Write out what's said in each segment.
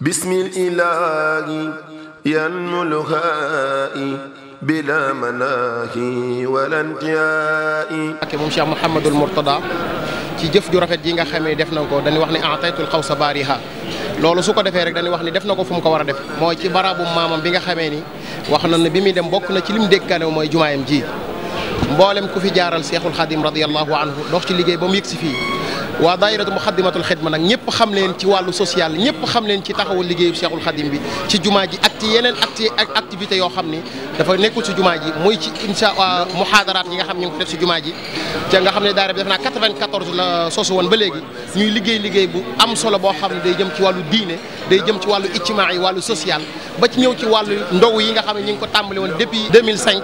بسم الإله ينمو الهائي بلا مناهي ولا انتهاء ak moom Cheikh Mouhamadul Mourtada ci jëf ju rafet ji nga xamee def na ko dañuy wax ne ataytul xawsa baariha loolu su ko defee rek dañuy wax ni def na ko fu mu ko war a def mooy ci barabu maamam bi nga xamee ni wax na ne bi muy dem bokk na ci lim dékkaane mooy jumaayam ji mboolem ku fi jaaral Seexul Xadim radiyallahu anhu dox ci liggéey ba mu yëg si fii waa daayiratu muxaddimatul xidma nag ñëpp xam leen ci wàllu social ñëpp xam leen ci taxawal liggéeyu Cheikhul Khadim bi ci jumaa ji ak ci yeneen acti ak activité yoo xam ni dafa nekkul ci jumaa ji muy ci incha muhaadaraat yi nga xam ñu ko def si jumaa ji te nga xam ne daayira bi def naa 94 la sosu woon ba léegi ñuy liggéey liggéey bu am solo boo xam ne day jëm ci wàllu diine day jëm ci wàllu ijtimaa yi wàllu social ba ci ñëw ci wàllu ndow yi nga xam ne ñu ngi ko tàmbali woon depuis 2005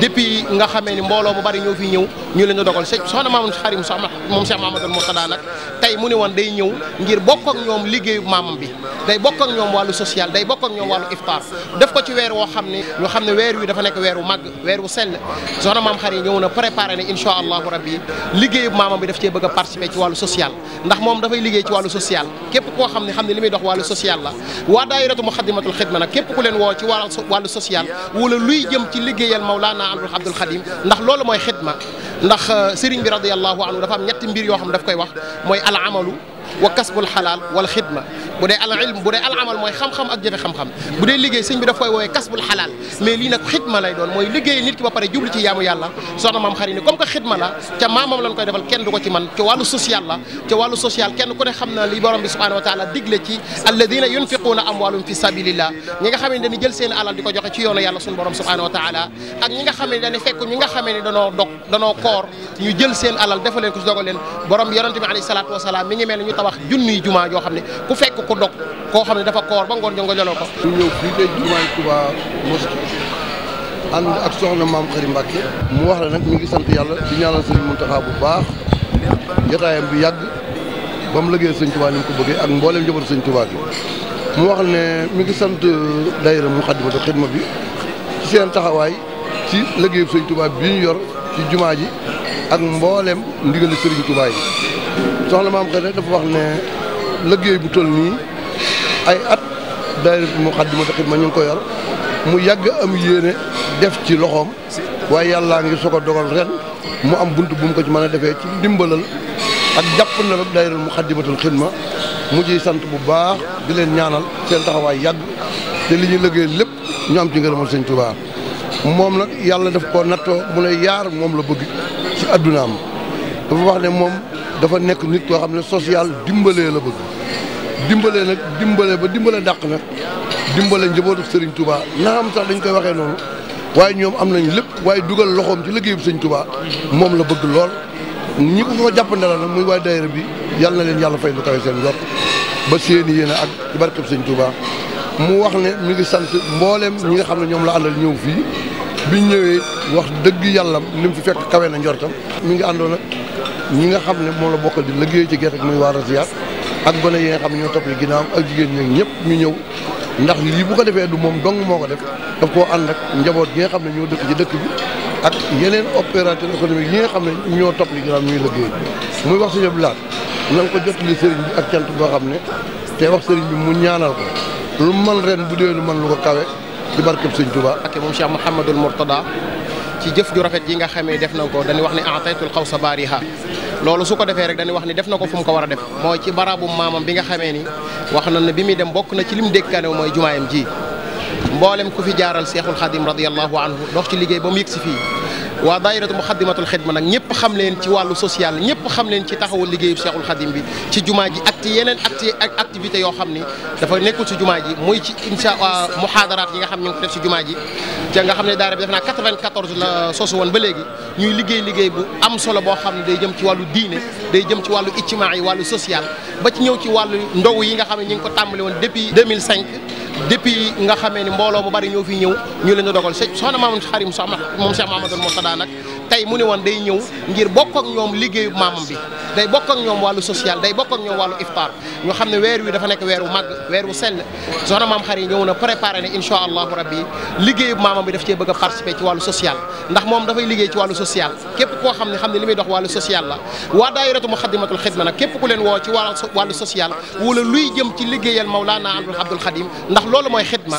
depuis nga xamee ni mbooloo mu bari ñoo fi ñëw ñu leen di dogal soxna maamam xarim sax moom Cheikh Mamadou Mourtada nag tey mu ne woon day ñëw ngir bokk ak liggéeyu maamam bi day bokk ak ñoom wàllu social day bokk ak ñoom wàllu iftaar def ko ci weer woo xam ne ñu xam ne weer wi dafa nekk weer wu màgg weer wu sell soxna maam xarim ñëw na préparé ne insha allahu rabbi liggéeyu maamam bi daf cee bëgg a participer ci wàllu social ndax moom dafay liggéey ci wàllu social képp koo xam ne xam ne li muy dox wàllu social la waa daayiratu muxadimatul xidma nag képp ku leen woo ci wàllu social wala luy jëm ci liggéeyal mawlaana Maam Abdul Xadim ndax loolu mooy xidma ndax euh, sëriñ bi radiyallahu anhu dafa am ñetti mbir yoo xam daf koy wax mooy al amalu wa kasbul xalaal wal xidma bu dee al ilm bu xidma lay doon mooy liggéey nit ki ba pare jubli ci yaamu yàlla soxna maam xari ni comme xidma la ca maamam lañ koy defal kenn du ci man ci wàllu social la ci wàllu social kenn ku ne xam na li borom bi subhanahu wa digle ci alladina yunfiquuna amwaalum fi sabilillah ñi nga xam ne dañu jël seen alal di ko joxe ci yoonu yàlla suñu borom subhanahu wa taala ak ñi nga xam ne dañu fekk ñi nga tabax junniy jumaa yoo xam ne ku fekk ku dog koo xam ne dafa koor ba ngoon jo ko ñu ñëw fii day jumaay Touba mosquée ànd soxna maam Xari mu wax la nag mi ngi sant yàlla di ñaanal sëñ Muntaxa bu baax jotaayam bi yàgg ba mu lëggee sëñ Tuubaa ko bëggee ak mbooleem njabootu sëñ Tuubaa bi mu wax ne mi ngi sant euh, daayira Muxaddamatul Xidma bi ci taxawaay ci lëggéeyu sëñ Tuubaa bi ñu yor ci jumaa ji ak mboolem ndigali sëriñ Tuubaa yi soxna maam xëy dafa wax ne liggéey bu toll nii ay at daayira Moukhaddamatoul Khidma ñu ngi ko yor mu yàgg am yéene def ci loxoom waaye yàllaa ngi su ko dogal ren mu am bunt bu ko ci mën a defee ci ndimbalal ak jàpp na rek daayira Moukhaddamatoul Khidma mu ciy sant bu baax di leen ñaanal seen taxawaay yàgg te li ñu liggéey lépp ñu am ci ngërëmal sëñ Tuubaa moom nag yàlla def koo nattoo mu ne yaar moom la bëgg ci addunaam dafa wax ne moom dafa nekk nit koo xam ne social dimbalee la bëgg dimbalee nag dimbalee ba dimbale dàq nag dimbale njabootu sëriñ tubaa naa am sax dañ koy waxee noonu waaye ñoom am nañu lépp waaye dugal loxoom ci bi sëñ Touba moom la bëgg lool. ñi ko fa jàppandala nag muy waa daayira bi yàlla na leen yàlla fay lu kawe seen jot ba seen yéene ak ci barkeb Serigne Touba mu wax ne mi ngi sant mbooleem ñi nga xam ne ñoom la àndal ñëw fii bi ñëwee wax dëgg yàlla ni mu fi fekk kawe mi ngi àndoon ñi nga xam ne moom la bokkal di liggéey ci gerte gi muy waar Rasiya ak gone yi nga xam ne ñoo topp ci ginnaaw ak jigéen ñi ñëpp ñu ñëw ndax lii bu ko defee du moom dong moo ko def daf koo ànd ak njaboot gi xam ne ñoo dëkk ci dëkk bi ak yeneen opérateur économique yi nga xam ne ñoo topp ci ginnaaw ñuy liggéey muy wax sëñ bi laat na nga ko jottali sëriñ bi ak cant boo xam ne te wax sëriñ bi mu ñaanal ko lu man ren bu dee nu man lu ko kawe di barkeb sëñ Tuubaa ak moom Cheikh Mouhamadul Mourtada ci jëf ju rafet ji nga xamee def na ko dañuy wax ni ataytul xaw sa baariha loolu su ko defee rek dañuy wax ni def na ko fu mu ko war a def mooy ci barabu maamam bi nga xamee ni wax na ne bi muy dem bokk na ci lim dékkaane mooy jumaayam ji mboolem ku fi jaaral seexul xadim radiallahu anhu dox ci liggéey ba mu yëg si fii waa daayiratu muxaddimatul xidma nag ñëpp xam leen ci wàllu social ñëpp xam leen ci taxawul liggéeyu Cheikhul Xadim bi ci jumaa ji ak ci yeneen acti activité yoo xam ni dafa nekkul ci jumaa ji muy ci incha allah muhaadaraat yi nga xam ñu ngi ko def ci jumaa ji nga xam ne daara def naa 94 la sosu woon ba léegi ñuy liggéey liggéey bu am solo boo xam ne day jëm ci wàllu diine day jëm ci wàllu ijtimaa yi wàllu social ba ci ñëw ci wàllu ndow yi nga xam ne ñu ngi ko tàmbali woon depuis 2005 depuis nga xamee ni mbooloo mu bari ñëw fi ñëw ñu leen di dogal soxna maamam xarim sax moom Cheikh Mahamadou Mourtada nag tey mu ne woon day ñëw ngir bokk ak ñoom liggéeyu maamam bi day bokk ak ñoom wàllu social day bokk ak ñoom wàllu iftaar ñu xam ne weer wi dafa nekk weer wu màgg weer wu sell soxna maam xarim ñëw na préparé ne incha allahu rabbi liggéeyu maamam bi daf cee bëgg a participer ci wàllu social ndax moom dafay liggéey ci wàllu social képp koo xam ne xam ne li muy dox social la waa daayiratu muxadimatul xidma nag képp ku leen woo ci wàllu social wala luy jëm ci liggéeyal mawlaana abdul xadim ndax loolu mooy xidma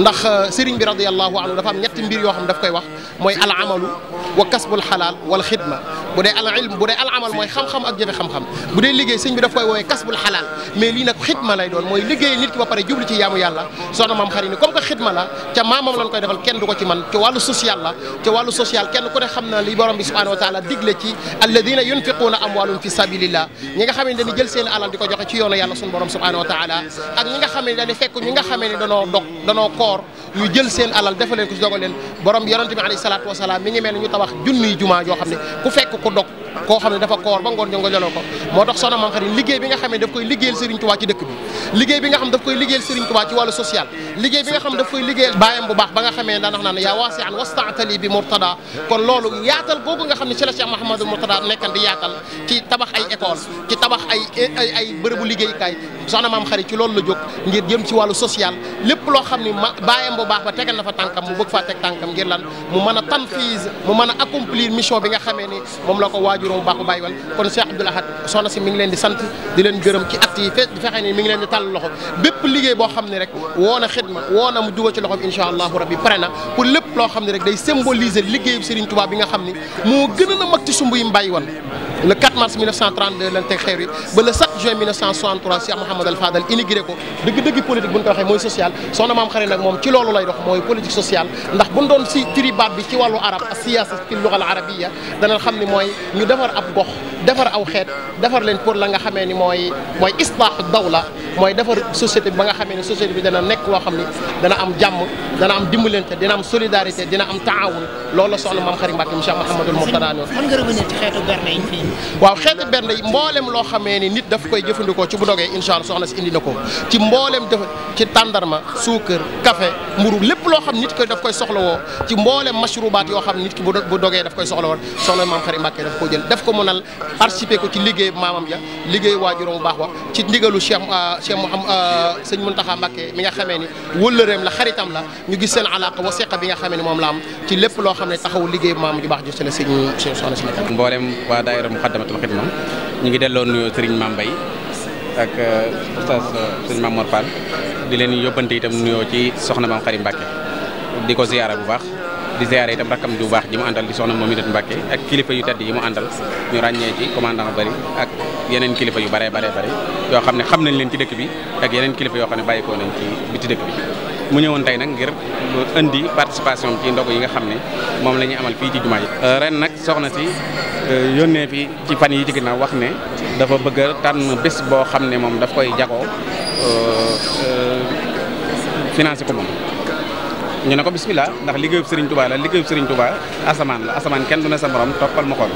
ndax euh, sëriñ bi radiallahu anhu dafa am ñetti mbir yoo xam daf koy wax mooy al amalu wa kasbul xalaal wal xidma bu dee al al amal mooy xam-xam ak jëfe xam-xam bu dee liggéey sëñ bi daf koy woowee kasbul xalaal mais xidma lay doon mooy liggéey nit ba pare jublu ci yaamu yàlla soxna maam xari ni comme xidma la ca maamam lañ koy defal kenn du ci man ci wàllu social la ci wàllu social kenn ku ne xam na li borom bi subhanahu wa xamee ne danoo dog danoo koor ñu jël seen alal defaleen ko ci dogal borom yonente bi alayhi salaatu wasalaam mi ngi mel ne ñu tabax junniy jumaa yoo xam ne ku fekk ku dog koo xam ne dafa koor ba ngoon jo nga joloo ko moo tax soxna Maam Xari liggéey bi nga xam ne daf koy liggéeyal Serigne Touba ci dëkk bi liggéey bi nga xam daf koy liggéeyal Serigne Touba ci wàllu social liggéey bi nga xam daf koy liggéeyal baayam bu baax ba nga xamee bi nga xam ne ci la Cheikh Mahamadou Murtada ci tabax ay école ci tabax ay soxna Maam Xari ci loolu la jóg ngir jëm ci wàllu social lépp loo xam ba tegal na fa tànkam mu a a juróom baaxu bàyyi wal kon Cheikh Abdoul Ahad soxna si mi ngi leen di sant di leen gërëm ci at yi fe fexe ni mi ngi leen di tàll loxo bépp liggéey boo xam ne rek woo na xidma woo na mu juba ci loxoom incha allahu rabbi pare na pour lépp loo xam ne rek day symboliser liggéeyu Serigne Touba bi nga xam ni moo gën a mag ci sumb yi mu bàyyi woon le 4 mars 1932 lañ teg xeer yi ba le 7 juin 1963 Cheikh Mouhamed soxna maam xari nag moom ci loolu lay dox mooy politique sociale ndax bu doon si turi baat bi ci wàllu arab siyaasa fi lugal arabiya danañ xam ni mooy ñu defar ab gox defar aw xeet defar leen pour la nga xame ni mooy mooy islaahu dawla mooy defar société bi ba nga xamee ni société bi dana nekk loo xam ni dana am jàmm dana am dimbalante dina am solidarité dina am taawun loolu la soxna maam xari Mbàkke Cheikh Mouhamadul waaw xeeti bernde yi mboolem loo xamee ni nit daf koy jëfandikoo ci bu dogee incha allah soxna si indi na ko ci mboolem def ci tàndarma suukar café mburu lépp loo xam nit koy daf koy soxlawoo ci mboolem mashrubaat yoo xam nit ki bu dogee daf koy soxlawoo soxna maam xari Mbàkke daf ko jël daf ko mënal participer ko ci liggéey maamam ja liggéey waajuram bu baax wax ci ndigalu cheikh ah, cheikh Mouham ah, sëñ Muntaxa Mbàkke mi nga xamee ni wëllëreem la xaritam la ñu gis seen alaaka wa seqa bi nga xamee ni moom la am ci loo xam ne taxaw liggéey maam ju baax ji si la sëñ si Muxaddamatul Xidma ñu ngi delloo nuyoo Serigne Mame Mbaye ak euh, oustaz euh, Serigne Mame Mor Fall di leen yóbbante itam nuyoo ci soxna Mame Xari Mbacke di ko ziyaara bu baax di ziyaara itam rakkam bu baax ji mu àndal di soxna Mominatu Mbacke ak kilifa yu tedd yi mu àndal ñu ràññee ci commandant bari ak yeneen kilifa yu bare bare bare yoo xam ne xam nañ leen ci dëkk bi ak yeneen kilifa yoo xam ne bàyyikoo nañ ci biti dëkk bi mu ñëwoon tey nag ngir indi participation ci ndogu yi nga xam ne moom lañuy amal fii ci jumaa ji euh, ren nag soxna si euh, yónnee fi ci fan yi ci ginnaaw wax ne dafa bëgg tànn bés boo xam ne moom dafa koy jagoo euh, financé ko moom ñu ne ko bismillah ndax liggéeyub Serigne Touba la liggéeyub Serigne Touba asamaan la asamaan kenn du ne sa morom toppal ma xool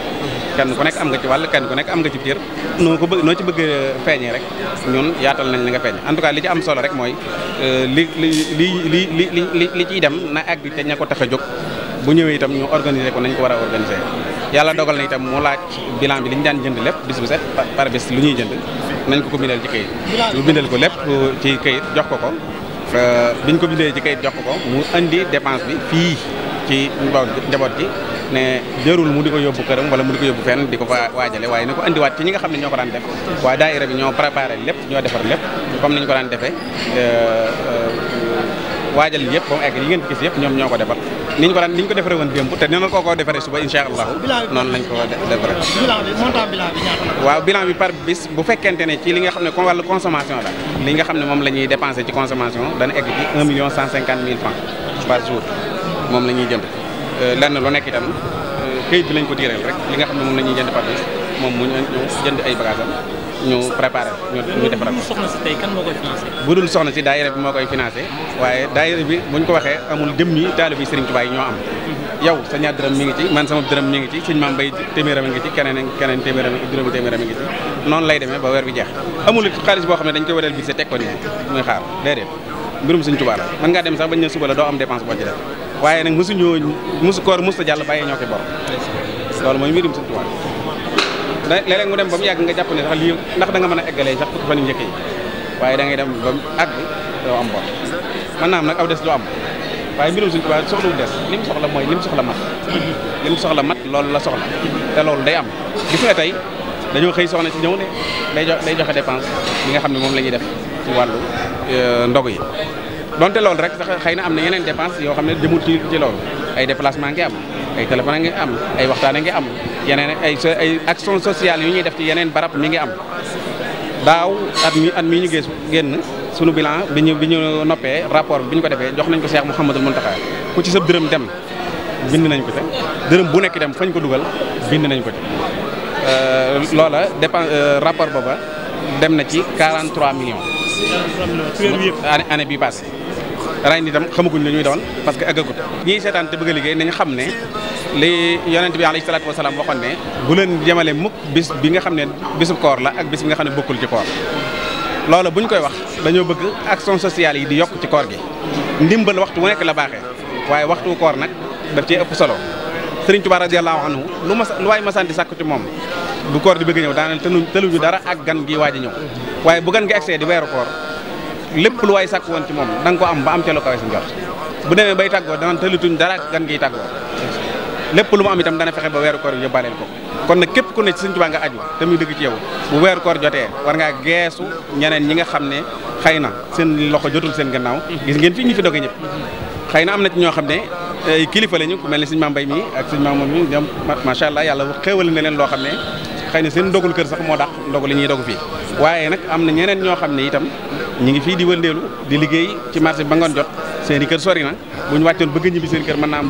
kenn ku nekk am nga ci wàll kenn ku nekk am nga ci cër noo ko bëgg noo ci bëgg euh, feeñee rek ñun yaatal nañ li nga feeñe en li ci am solo rek mooy euh, li li dem na àgg te ña ko tax a jóg bu ñëwee itam ñu organiser ko nañ ko war a organiser la dogal na itam mu laaj bilan bi li ñu daan jënd lépp bis bu set par bis lu ñuy jënd nañ ko ko bindal ci këyit ñu bindal ko lépp euh, ci këyit jox ko ko biñ ko bindee ci këyit jox ko ko mu indi dépense bi fii ci njaboot gi ne jërul mu di ko yóbbu këram wala mu di ko yóbbu fenn di ko fa waajale waaye na ko andiwaat ci ñi nga xam ne ñoo ko daan def lépp ñoo defar lépp comme nañ ko daan defee euh, euh, waajal yëpp ba mu egg yi ngeen yëpp ñoom ñoo ko defar ni ñu ko daan ni ko defaree woon démb te noonu koo ko defaree suba incha allah noonu lañ ko defaree. bi montant bi ñaata la. waaw bilan bi par bis bu fekkente ne ci li nga xam ne wàllu consommation la li nga xam ne moom la dépensé ci consommation dana egg ci 1 million 150 mille francs par jour moom la ñuy jëm. Euh, lenn lu nekk itam euh, këyit bi lañ ko diiral rek li nga xam ne moom la ñuy jënd papier moom mu ñu jënd ay bagages am ñu préparé ñu ñu defaral si tey kan bu dul soxna si daayira bi moo koy financé waaye daayira bi ñu ko waxee amul jëm ñi taalibe Serigne Touba yi ñoo am. yow sa ñaar dërëm mi ngi ci man sa sama dërëm mi ngi ci suñ maam bay téeméeram mi ngi ci keneen keneen téeméeram juróomi téeméeram mi ngi ci noonu lay demee ba weer bi jeex amul xaalis boo xam ne dañ koy wadeel bi sa teg ko nii muy xaar déedéet mbirum Serigne dem sax bañ ne suba doo am dépense boo ci waaye nag musu ñoo mosu koor mosu ta jàll bàyyee ñoo koy bor loolu mooy mbirum Sëñ Tuubaa léeg-léeg mu dem ba mu yàgg nga jàpp ne sax lii ndax da nga mën a eggalee sax fukki fan yu njëkk yi waaye da ngay dem ba mu àgg doo am bor mën naa am nag aw des du am waaye mbirum Sëñ Tuubaa soxlawul des li mu soxla mooy li mu soxla mat li mu soxla mat loolu la soxla te loolu day am gis nga tey dañoo xëy soxna ci ñëw ne day joxe dépense li nga xam ne moom la ñuy def ci wàllu euh, ndog yi donte loolu rek sax xëy na am na yeneen dépense yoo xam ne jëmul ci loolu ay déplacement nga am ay téléphone nga am ay waxtaan ngi am yeneen ay action sociale yu ñuy def ci yeneen barab mi ngi am daaw at mi at mii ñu gis génn sunu bilan bi ñu bi ñu noppee rapport bi ñu ko defee jox nañ ko seex mu Cheikh Mouhamadul Mountakha ku ci sa dërëm dem bind nañ ko te dërëm bu nekk dem fañ ko dugal bind nañ ko te euh, loola dépend euh, rapport booba dem na ci 43 millions année bi passé ren tam xamaguñ la ñuy doon parce que eggagut ñiy seetaan te bëgg a liggéey nañu xam ne li yonent bi alayhi salaatu wasalaam waxoon ne bu leen jëmale mukk bis bi nga xam ne bisub koor la ak bis bi nga xam ne bokkul ci koor loola bu ñu koy wax dañoo bëgg action sociale yi di yokk ci koor gi ndimbal waxtu wu nekk la baaxee waaye waxtu koor nag daf cee ëpp solo Sëriñ Tuubaa radiyallaahu anhu lu mas lu waay masaan di sàkku ci moom bu koor di bëgg ñëw daanaka tënuñu tëluñu dara ak gan gi waaj ñëw waaye bu gan gi agsee di weeru koor lépp lu waay sàkk woon ci moom da nga ko am ba am ca lu kawe sa njort bu demee bay tàggoo dana tëlituñ dara gan ngiy tàggoo lépp lu mu am tam dana fexe ba weeru koor yi yóbbaaleel ko kon nag képp ku ne ci Sëñ Tuubaa nga aju te muy dëgg ci yow bu weeru koor jotee war ngaa geesu ñeneen ñi nga xam ne xëy na seen loxo jotul seen gannaaw gis ngeen fii ñu fi doge ñëpp xëy na am na ci ñoo xam ne ay kilifa lañu ku mel ni Sëñ Maam Mbay mi ak Sëñ Maam moom mi ñoom macha allah yàlla xéewal na leen loo xam ne xëy seen ndogul kër sax moo dàq ndogu li ñuy dogu fii waaye xam ne itam ñu ngi fii di wëndeelu di liggéey ci marché ba ngoon jot seen i kër sori bu ñu wàccoon bëgg ñibbi seen kër mën naa am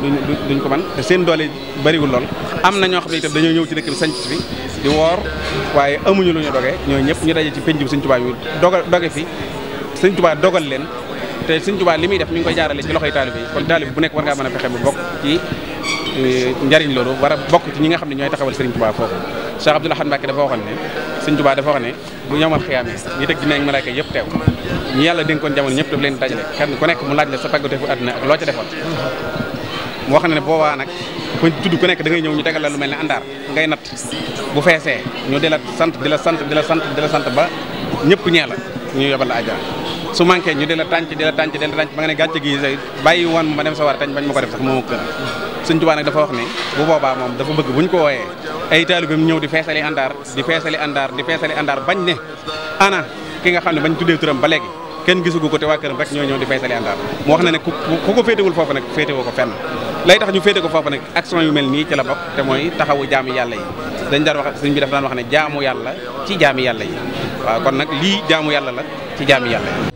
duñ ko man te seen doole bariwul lool am na ñoo xam ne itam ñëw ci dëkk bi sanc fi di woor waaye amuñu lu ñu dogee ñooñu ñëpp ñu daje ci penc bi Sëñ Tuubaa dogal doge fi Sëñ Tuubaa dogal leen te Sëñ Tuubaa li muy def mi ngi koy jaarale ci loxoy taalib yi kon taalib bu nekk war ngaa mën a fexe ba bokk ci eh, njariñ loolu wara bokk ci ñi nga xam ne ñooy taxawal Sëriñ Tuubaa foofu Cheikh Abdoul Ahad Mbacké dafa waxoon ne Sëñ Tuubaa dafa wax ne bu ñoomal xiyaame ñi teg jinne ak malaaka yëpp teew ñu yàlla dénkoon jamono ñëpp daf leen dajale kenn ku nekk mu laaj la sa tàggateefu àdduna ak loo ca defoon mu wax ne boo boobaa nag ku tudd ku nekk da ngay ñëw ñu tegal la lu mel ne àndaar ngay natt bu feesee ñu di la sant di la sant di la sant di sant ba ñëpp ñee la ñu yebal la àjjana su manqué ñu di la tànc di la tànc di la ba nga ne gàcce gi say bàyyi woon ma dem sa war a tànc bañ ma ko def sax moo gën Sëñ Tuubaa nag dafa wax ne bu boobaa moom dafa bëgg buñ ko wooyee ay taalibeem ñëw di feesali àndaar di feesali àndaar di feesali àndaar bañ ne ana ki nga xam ne bañ tuddee turam ba léegi kenn gisugu ko te waa këram rek ñoo ñëw di feesali àndaar mu wax na ne ku ku ko féetewul foofu nag féetewoo ko fenn lay tax ñu féete ko foofu nag action yu mel nii ci la bokk te mooy taxawu jaamu yàlla yi dañ daan wax sëñ bi dafa daan wax ne jaamu yàlla ci jaam yàlla yi waaw kon lii jaamu yàlla la ci jaamu yàlla